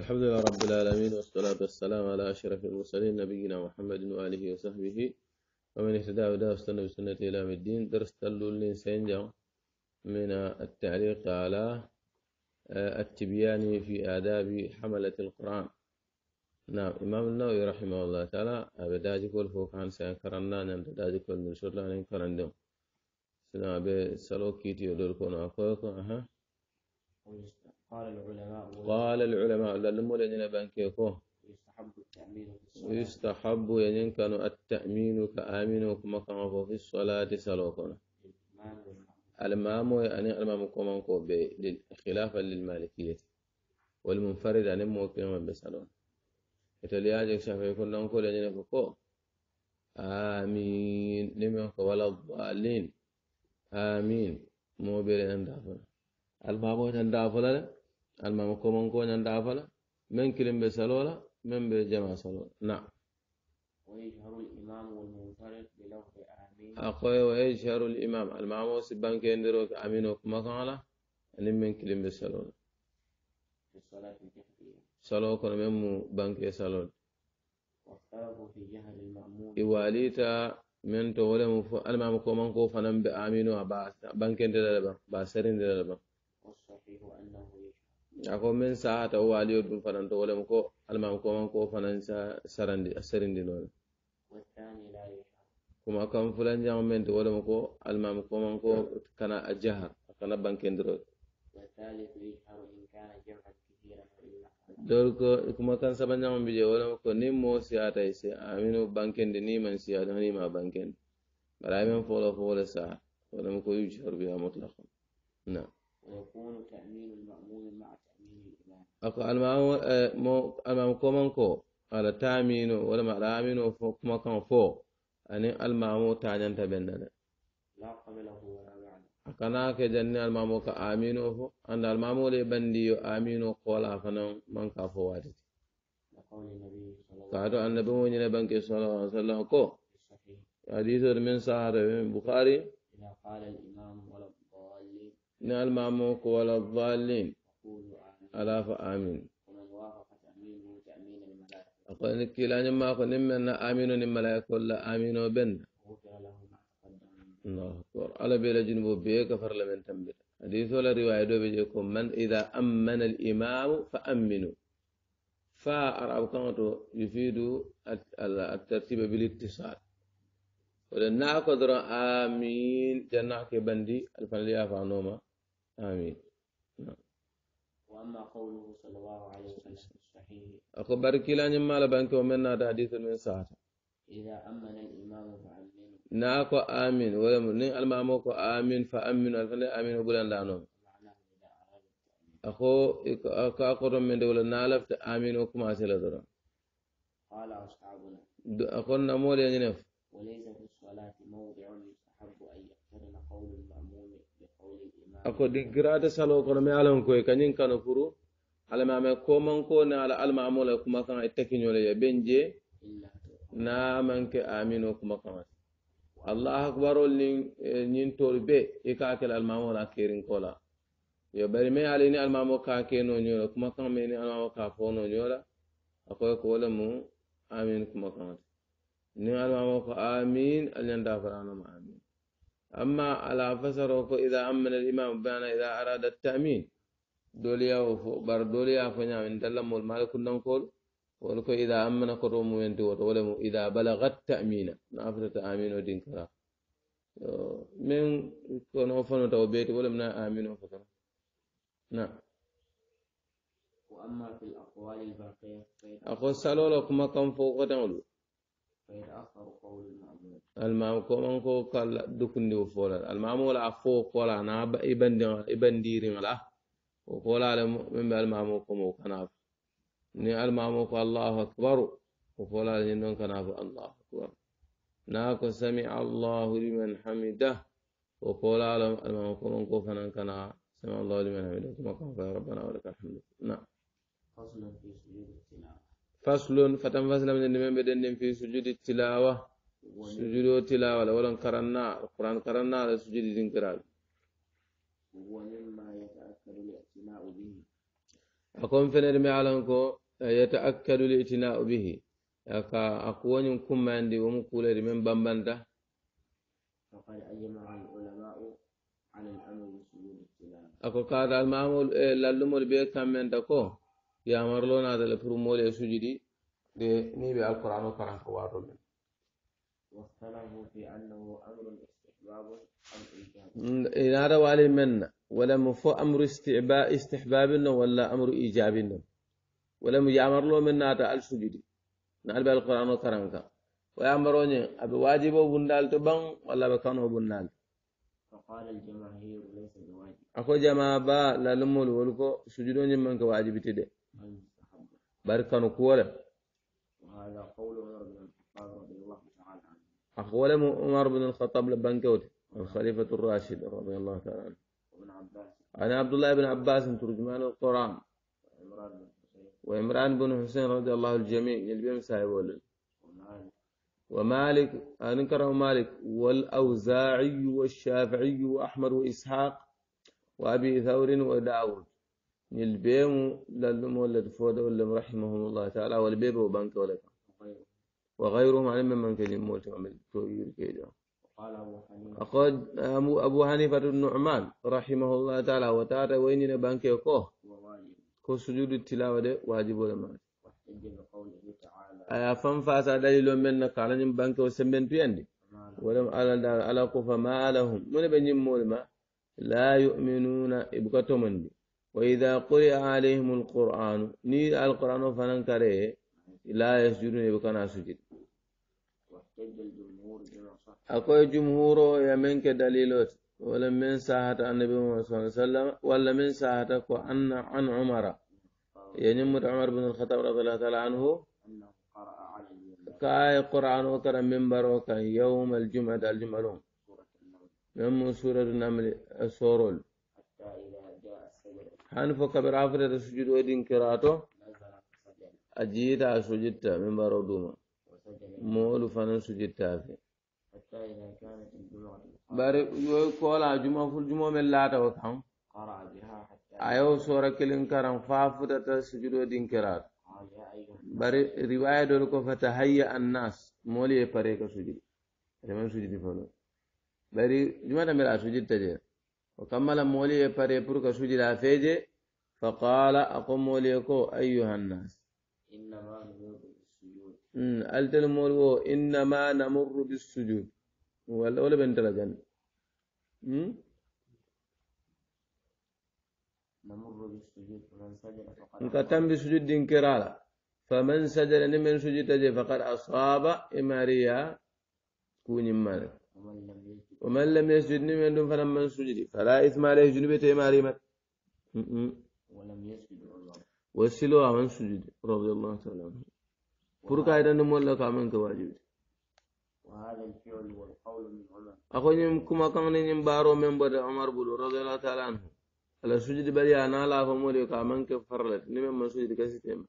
الحمد لله رب العالمين والصلاة والسلام على أشرف المرسلين نبينا محمد وآله وصحبه ومن اهتدى بهداه واستنى بسنته إلى يوم الدين درس تلول للإنسان من التعليق على آه، التبيان في آداب حملة القرآن نعم إمام النووي رحمه الله تعالى أبداجي كل فوق سينكرنا نمتداجي كل من شرنا ننكرن دم سنة بسلوكي تيودور كون أخوكم أها قال العلماء قال العلماء لا لم بانكيكو ويستحب التأمين ويستحب ينين كانوا التأمين كآمين وكما كان في الصلاة سلوكنا المام يعني المام كما كو خلافا للمالكية والمنفرد عن يعني مو كما بسلون يتلياجك شافي كل نكو لنين كو آمين لم لمن ولا الضالين آمين مو بيرين دافنا المام هو دافنا almama komon ko ñanda fala men kilim be salola men be ويجهر الإمام والمنفرد بلفظ آمين اخوي ويجهر الإمام المعمو سبان كيندروك آمين وكما قال أنم من كلم بسالولا في الصلاة الجهرية صلاة كنا ممو بانك يسالون واختاره في جهل المأمون إواليتا من تولم مفو المعمو كمان كوفنا بآمين وبانك يندر لبا باسرين لبا والصحيح أنه ako min sahata o waaliyo ɗum fanan to wolemo ko almam man ko fanan sa sarandi non kuma kan fulanjaŋo men to wolemo ko almam man ko kana a jahar kana dor ko kuma kan saban sabanjaŋo bi je wolemo ko niŋ moo siyata ise aminu bankendi ni man siyata ni ma banken bari men folo folo sa saha wolemo ko yujhar biha mutlaqan na ويكون تأمين المأمون ako mo almamukoman ko ala tamino ma ala fo kuma kan fo anin almamu tañanta bendane kana ke janni almamu ka amino fo anda almamu le bandiyo amino kola fanan man ka fo watiti kaatu annabi mo ñine banke sallallahu alaihi wasallam ko hadithor min sahara min bukhari ni almamu ko wala dhalin ألا فآمين أقول لك لا نما أقول نما آمين نما لا يقول لا آمين وبن الله أكبر على بلا جنب بيك كفر لمن تنبت حديث ولا رواية دو بيجيكم من إذا أمن الإمام فأمنوا فأرعب كانت يفيد الترتيب بالاتصال ولن نأخذ آمين جنعك بندي الفنليا فعنوما آمين نعم واما قوله صلى الله عليه وسلم في الصحيح اخبر كلا نما لبنك ومن حديث من ساعه إذا أمن الإمام فأمنوا ناكو آمن ولا نين المامو كو آمين فأمنوا الفلي آمين وبلان لانو أخو أكو أقر من دولة نالفت آمين وكما سيلا درا قال أصحابنا أخو نمول ينف وليس في الصلاة موضع ako di grade salo ko me mi ko e kanyin kanu furu ala ma me ko man ko na ala alma amola kuma kan e teki itta kiñole ye ɓen je namanke amino kuma kan allah ol nin ñin e, tol be i e ka kel almamola kirinkola yo bari me ala ni al almamo ka ke keno ñola kuma kan me ni al almamo ka fo no nyola ako e ko wole mu amin kuma kan ni al almamo ko amin al alñanda faranoma amin أما على فسره إذا أمن الإمام بان إذا أراد التأمين دوليا بر دوليا فنيا نعم، من دلم والمالك نقول ولك إذا أمن كروم ينتو دور ولم إذا بلغ التأمين نافذة تأمين ودين كرا من كون هفن وتوبيت ولم آمين وفكرة نعم وأما في الأقوال الباقية أقول سألوا لكم كم فوق تقولوا فيتأخر قول المؤلف المام كمان كو كلا دكنيو فولا المام ولا أفو فولا أنا إبن دي إبن ديرين لا وفولا لم من المام كم هو كناف ني المام كو الله أكبر وفولا لينون كناف الله أكبر ناكو سمع الله لمن حمده وفولا لم المام كم كو فنان كنا سمع الله لمن حمده كم كان ربنا ولك الحمد نعم فصل في فصل التلاوة فصل فتنفصل من النمام بدن في سجود التلاوة sujudo tilawa la walan karanna alquran karanna ala sujudi dinkiraɓe akon fenede mi alan ko yataakkadu litinau bihi aka akuwoñum kummandi womu kuulede men bambanta ako kaata almamol e lallumol be kammenta ko yamarlonadala pour moole e sujudi de ni ɓe alquranu karanko wato men واختلفوا في أنه أمر استحباب أم إيجاب إنارة والي من ولا مفو أمر استعباء استحباب ولا أمر إيجاب ولا مجامر له من ناتا السجود نال القرآن وكرمك ويأمروني أبي واجب وبندال تبان ولا بكانه وبندال فقال الجماهير ليس بواجب أخو جماعة با لا لمول ولكو سجدوني من كواجب تدي بارك كانوا كولا وهذا قول عمر بن الخطاب رضي أقول عمر بن الخطاب لبنكوت الخليفة الراشد رضي الله تعالى عنه أنا عبد الله بن عباس ترجمان القرآن وعمران بن حسين رضي الله الجميع مسايب ولد. ومالك أنكره مالك والأوزاعي والشافعي وأحمد وإسحاق وأبي ثور وداود يلبيهم للمولد فود رحمهم الله تعالى والبيب وبنك ولكم وغيرهم عن من كلمة مولتهم قال أبو حنيفة أقد أبو أبو حنيفة النعمان رحمه الله تعالى وتعالى وين نبانك يكوه كو سجود التلاوة ده واجب ولا ما أيا فم فاسا دليل من قال نم بانك وسمن بيندي ولم على دار على كفا ما لهم من بني مولما لا يؤمنون إبقتهم وإذا قرئ عليهم القرآن ني القرآن فننكره لا يسجدون بكنا سجد أكو جمهور يا منك كدليلات ولا من ساعة النبي صلى الله عليه وسلم ولا من ساعة عن عن عمر يعني مر عمر بن الخطاب رضي الله تعالى عنه كاي قرآن وكرم من بروك يوم الجمعة الجمعة يوم سورة النمل سورول حنفو كبر عفرة السجود ودين كراته أجيت سجدت من برودوما مول فن سجدت في باري يقول جمعة في الجمعة من لا توكم أيو سورة كلين كرم فافدة تسجدوا دين كرات باري رواية دولكو فتهيأ الناس مولي بريك سجد رمان سجد فلو باري jumata من لا je o وكمل مولي e pare pour فقال أقوم feeje أيها الناس إنما نمر بالسجود قلت لهم إنما نمر بالسجود ولا ولا بنت لجن نمر بالسجود فمن سجد فقد بالسجود بسجود كرالا فمن سجد نمر سجود فقد أصاب إماريا كوني مالك ومن لم يسجد من دون فلم من سجد فلا إثم عليه جنوب تيماري ولم يسجد عذرا وسلو عمن سجد رضي الله تعالى عنه فرقا إذا نمولا كامن كواجب وهذا الفعل والقول من عمر أخوين كما كان نين بارو من بدر عمر بلو رضي الله تعالى عنه على سجد بدي أنا لا فمولي كامن كفرلت نمن ما سجد كسيتم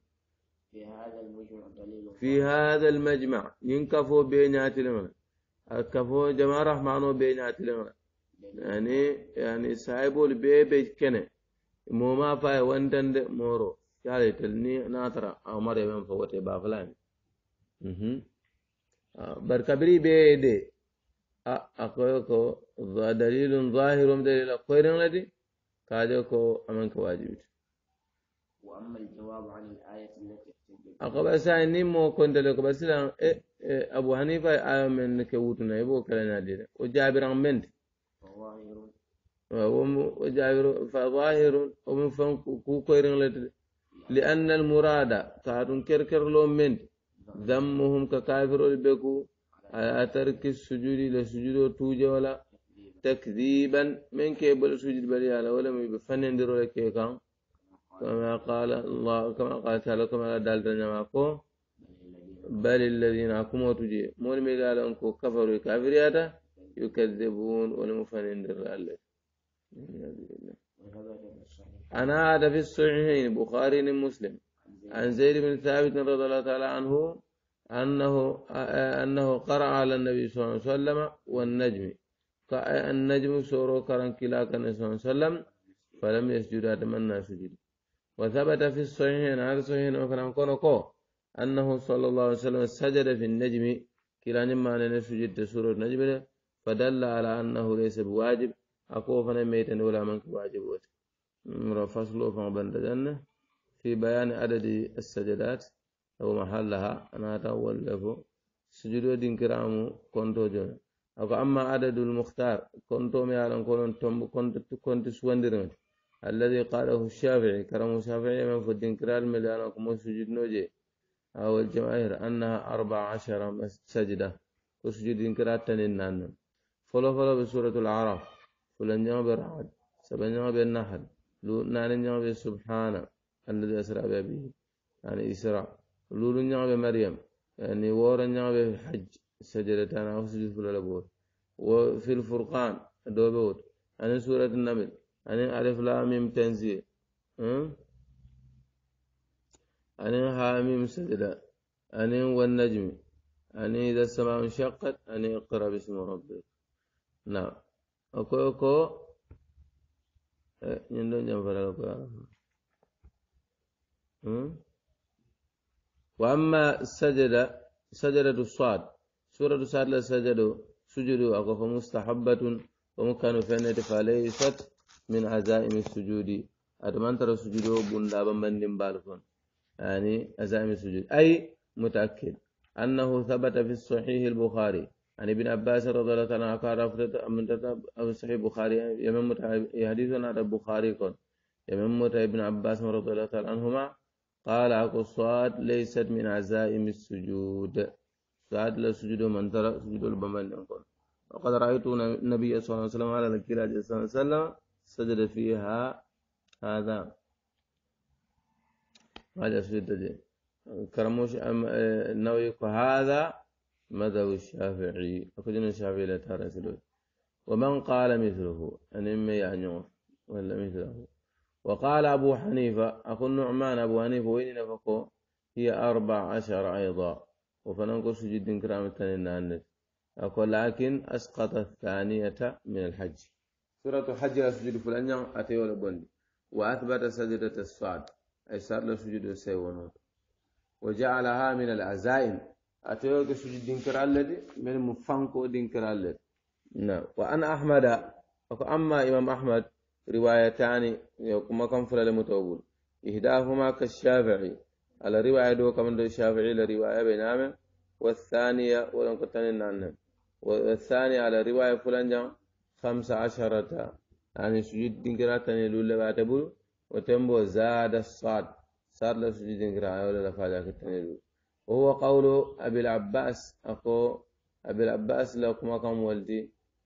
في هذا المجمع دليل في هذا المجمع ينكفوا بينات لمن كفوا جماعة رحمانو بينات لمن يعني يعني سايبول بيبي كنه موما فاي وندند مورو kyale telni n'a tara amar ye men fogote bafulani bari kabiri be de a koyo ko dalilun zahirum dalila koyrenladi kajo ko aman ka wajibiti akoba sai ni mo kontele ko basilan e abu hanifa e ayo men ke wutuna e bo kalanadire o jabiran mende o jabiru fa zahirun omo fan ku koyrenladi لأن المراد تعرون كركر لهم من ذمهم ككافر البكو على ترك السجود لسجود توجه ولا تكذيبا من كيبل سجود على ولا مبفنن درولة كيكام كما قال الله كما قال تعالى كما قال دالتنا معكم بل الذين أكموا تجي مول ميقال أنكو كفروا هذا يكذبون ولمفنن درالة من هذا أنا هذا في الصحيحين بخاري مسلم عن زيد بن ثابت رضي الله تعالى عنه أنه أنه قرأ على النبي صلى الله عليه وسلم والنجم النجم سورة كرن كلا كان صلى الله عليه وسلم فلم يسجد أتمنى سجد وثبت في الصحيحين هذا صحيحين وكلام كونكو أنه صلى الله عليه وسلم سجد في النجم كلا نما أن سجد سورة النجم فدل على أنه ليس بواجب أقوفنا ميتا ولا منك واجب وتك نمرة فصل فمبن لجنة في بيان عدد السجدات أو محلها أنا أتول له سجود دين كرام كنتو جون أو أما عدد المختار كنتو ميالن كونن تم كنت كنت سوندرمت الذي قاله الشافعي كرم الشافعي من فدين كرال مليان كم سجود نوجي أو الجماهير أنها أربع عشر سجدة وسجود دين كرال تنين فلو فلو بسورة العرف فلن يوم برعد سبن يوم بالنحل لولو نعم سبحانه الذي أسرع بأبيه يعني إسراء لولو نعم مريم يعني وورا نعم الحج سجدتان أو سجد في الألبور وفي الفرقان دوبوت أنا سورة النمل أنا أعرف لا ميم تنزيل أنا حاميم سجدة أنا والنجم أنا إذا السماء انشقت أنا اقرأ باسم ربك نعم أكو أكو ñando jam faral ko wa amma sajada sajadatu sad suratu sad la sajado sujudu ako fo mustahabbatun womo kanu fennete fa laysat min azaimi sujudi atamantara sujudu o bundaba mandimbal kon yani azaimi sujudi ay mutaakkid annahu thabata fi sahih al bukhari عن ابن عباس رضي الله تعالى عنه قال رفضت من صحيح بخاري يمم يحدثنا عن بخاري كون يمم ابن عباس رضي الله تعالى عنهما قال عقو الصلاة ليست من عزائم السجود صلاة السجود من ترى سجود البمن وقد رأيت النبي صلى الله عليه وسلم على الكراج صلى الله عليه وسلم سجد فيها هذا هذا سجد كرموش ام النووي آه، هذا مذهب الشافعي أكدنا الشافعي لا ترسلوه ومن قال مثله أن إما يعني ولا مثله وقال أبو حنيفة أقول نعمان أبو حنيفة وين نفقه هي أربع عشر أيضا وفننقص جدا كرامة النانت أقول لكن أسقط الثانية من الحج سورة لا أسجد فلان أتي ولا بندي وأثبت سجدة الصعد أي صار له سجود سيونوت وجعلها من العزائم أتوك سجد دينكر الذي من مفانكو دينكر الذي نعم وأنا أحمد أما إمام أحمد روايتان يوكما كم فلا لمتوبون إهداهما كالشافعي على رواية دو كمان دو الشافعي لرواية بينام والثانية ولم كتن نانم والثانية على رواية فلان جام خمسة عشرة يعني سجود دينكرا تنيلول باتبول وتنبو زاد الصاد صاد لسجود دينكرا آية ولا لفاجأ كتنيلول وهو قول أبي العباس أخو أبي العباس لكم أقام والدي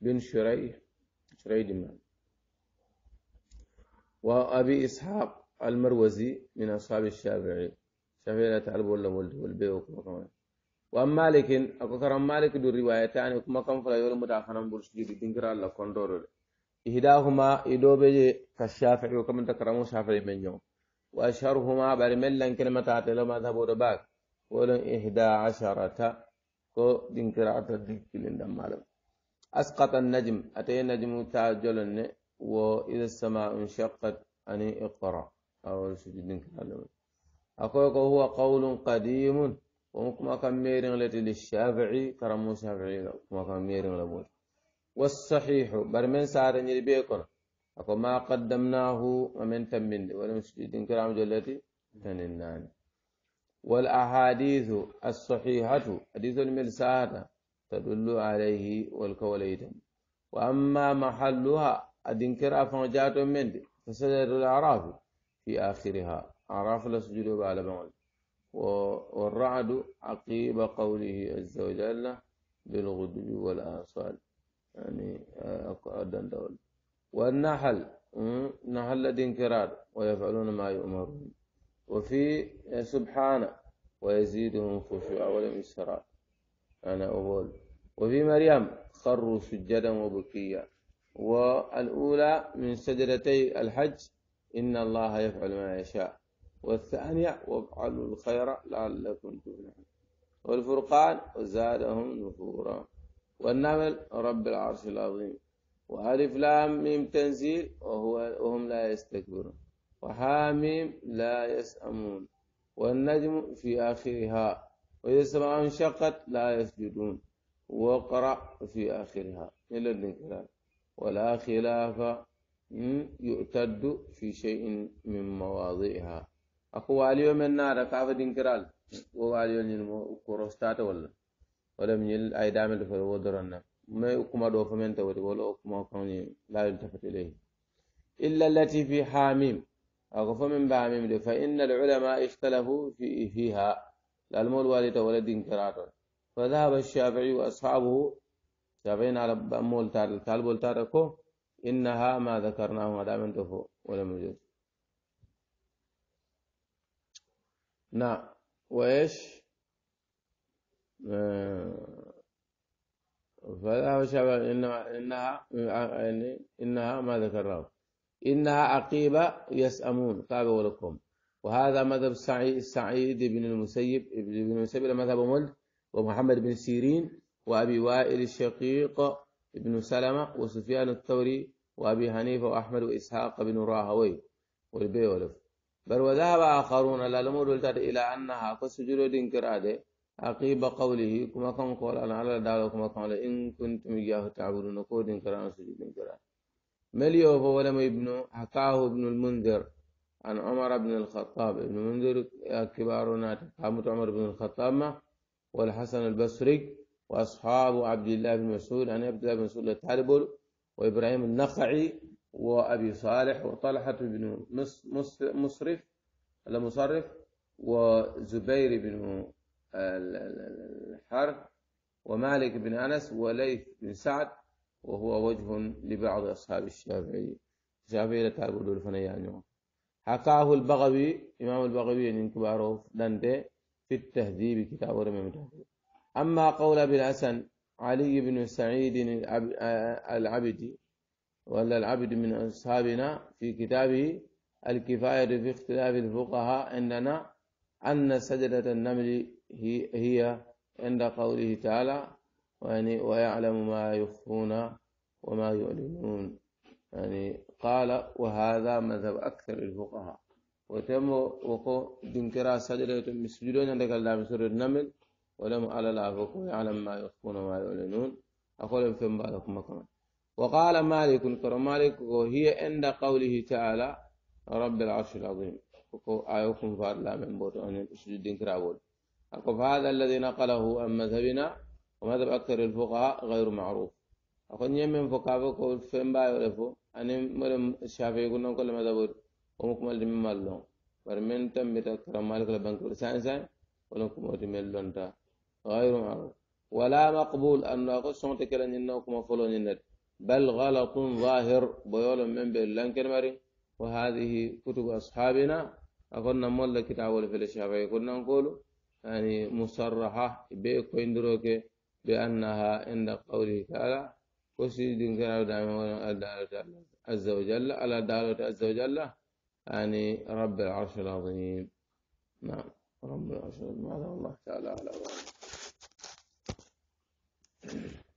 بن شريح شريح دمان وأبي إسحاق المروزي من أصحاب الشافعي شافعي لا تعلم ولا ولده والبيع وكما وأم مالك أكو كرم مالك دو روايتان كما كم فلا يولم متأخرا برش جدي دينكر الله كوندور إدو بي كالشافعي وكما تكرمو شافعي من يوم وأشهرهما برملا كلمة لما ذهبوا رباك ولن إحدى عشرة كو دين كراءة الدين مالم أسقط النجم أتي نجم تاجلن وإذا السماء انشقت أني اقرأ أو سجد دين كراءة هو قول قديم ومكما كان ميرن لتي للشافعي كرمو شافعي كما كان ميرن لبول والصحيح برمن سارة نربيكنا أكو ما قدمناه ومن تمند ولم سجد دين كراءة جلتي تنناني والأحاديث الصحيحة حديث الملساة تدل عليه والكوليتم وأما محلها أدنكر أفنجات من فسجد الأعراف في آخرها أعراف لسجد على بعض والرعد عقيب قوله عز وجل بالغدو والآصال يعني آه، دول والنحل نحل دينكرار ويفعلون ما يؤمرون وفي يعني سبحانه ويزيدهم خشوعا ولم يسرع أنا أقول وفي مريم خروا سجدا وبكيا والأولى من سجدتي الحج إن الله يفعل ما يشاء والثانية وافعلوا الخير لعلكم تفلحون والفرقان وزادهم نفورا والنمل رب العرش العظيم وألف لام ميم تنزيل وهو وهم لا يستكبرون وحاميم لا يسأمون والنجم في آخرها وإذا السماء انشقت لا يسجدون وقرأ في آخرها إلى الانقلاب ولا خلاف يؤتد في شيء من مواضعها أخو اليوم النار نار كافة دينكرال وواليو نيل كوروستات ولا ولا من يل أي دامل في ودرنا ما يقوم دوفمنت ولا يقوم لا يلتفت إليه إلا التي في حاميم أقف من بعمم فإن العلماء اختلفوا في فيها للمول والد ولد كرات فذهب الشافعي وأصحابه شافعين على مول تار الكلب والتاركو إنها ما ذكرناه ما دام دفو ولم موجود نعم وإيش آه. فذهب الشافعي إنها إنها ما ذكرناه إنها عقيبة يسأمون تابعوا لكم وهذا مذهب سعيد بن المسيب بن المسيب مذهب ملك ومحمد بن سيرين وأبي وائل الشقيق بن سلمة وسفيان الثوري وأبي حنيفة وأحمد وإسحاق بن راهوي والبيولف بل وذهب آخرون إلى الأمور إلى أنها كسجود كرادة عقيب قوله كما كان قول أنا على دعوة كما قال إن كنتم إياه تعبدون كود كرادة سجود كرادة هو ولم ابن حكاه ابن المنذر عن عمر بن الخطاب ابن المنذر كبارنا تقامت عمر بن الخطاب والحسن البصري وأصحاب عبد الله بن مسعود عن يعني عبد الله بن مسعود التالب وإبراهيم النخعي وأبي صالح وطلحة بن مصرف المصرف وزبير بن الحرث ومالك بن أنس وليث بن سعد وهو وجه لبعض أصحاب الشافعي الشافعي لا تعبدوا الفنيان يعني. حكاه البغوي إمام البغوي من يعني كباره دانتي في التهذيب كتاب ورمم أما قول أبي الحسن علي بن سعيد العبدي ولا العبد من أصحابنا في كتابه الكفاية في اختلاف الفقهاء عندنا أن سجدة النمل هي عند قوله تعالى يعني ويعلم ما يخفون وما يعلنون يعني قال وهذا مذهب أكثر الفقهاء وتم وقو دنكرا سجدة مسجدون عندك الله بسر النمل ولم على العفق ويعلم ما يخفون وما يعلنون أقول فيم بالكم كمان وقال مالك كرم مالك وهي عند قوله تعالى رب العرش العظيم آيكم آيوكم لا من بوت أن سجود دنكرا بول هذا الذي نقله عن مذهبنا ومذهب أكثر الفقهاء غير معروف أخذ يم من فقهاء بقول فين باي ولفو أنا مرم الشافعي يقولون كل مذهب ومكمل من مالهم برمن تم بتكرم مالك البنك لسان سان ولكم أتمل لنتا غير معروف ولا مقبول أن أقول سنت كلن إنكم فلون النت بل غلط ظاهر بيول من بلنكر مري وهذه كتب أصحابنا أقولنا مولا كتاب في الشافعي كنا نقول يعني مصرحة بيكو يندروكي بأنها عند قوله تعالى وسيد كان دعوة عز وجل على دعوة عز وجل يعني رب العرش العظيم نعم رب العرش العظيم هذا والله تعالى على وعلى.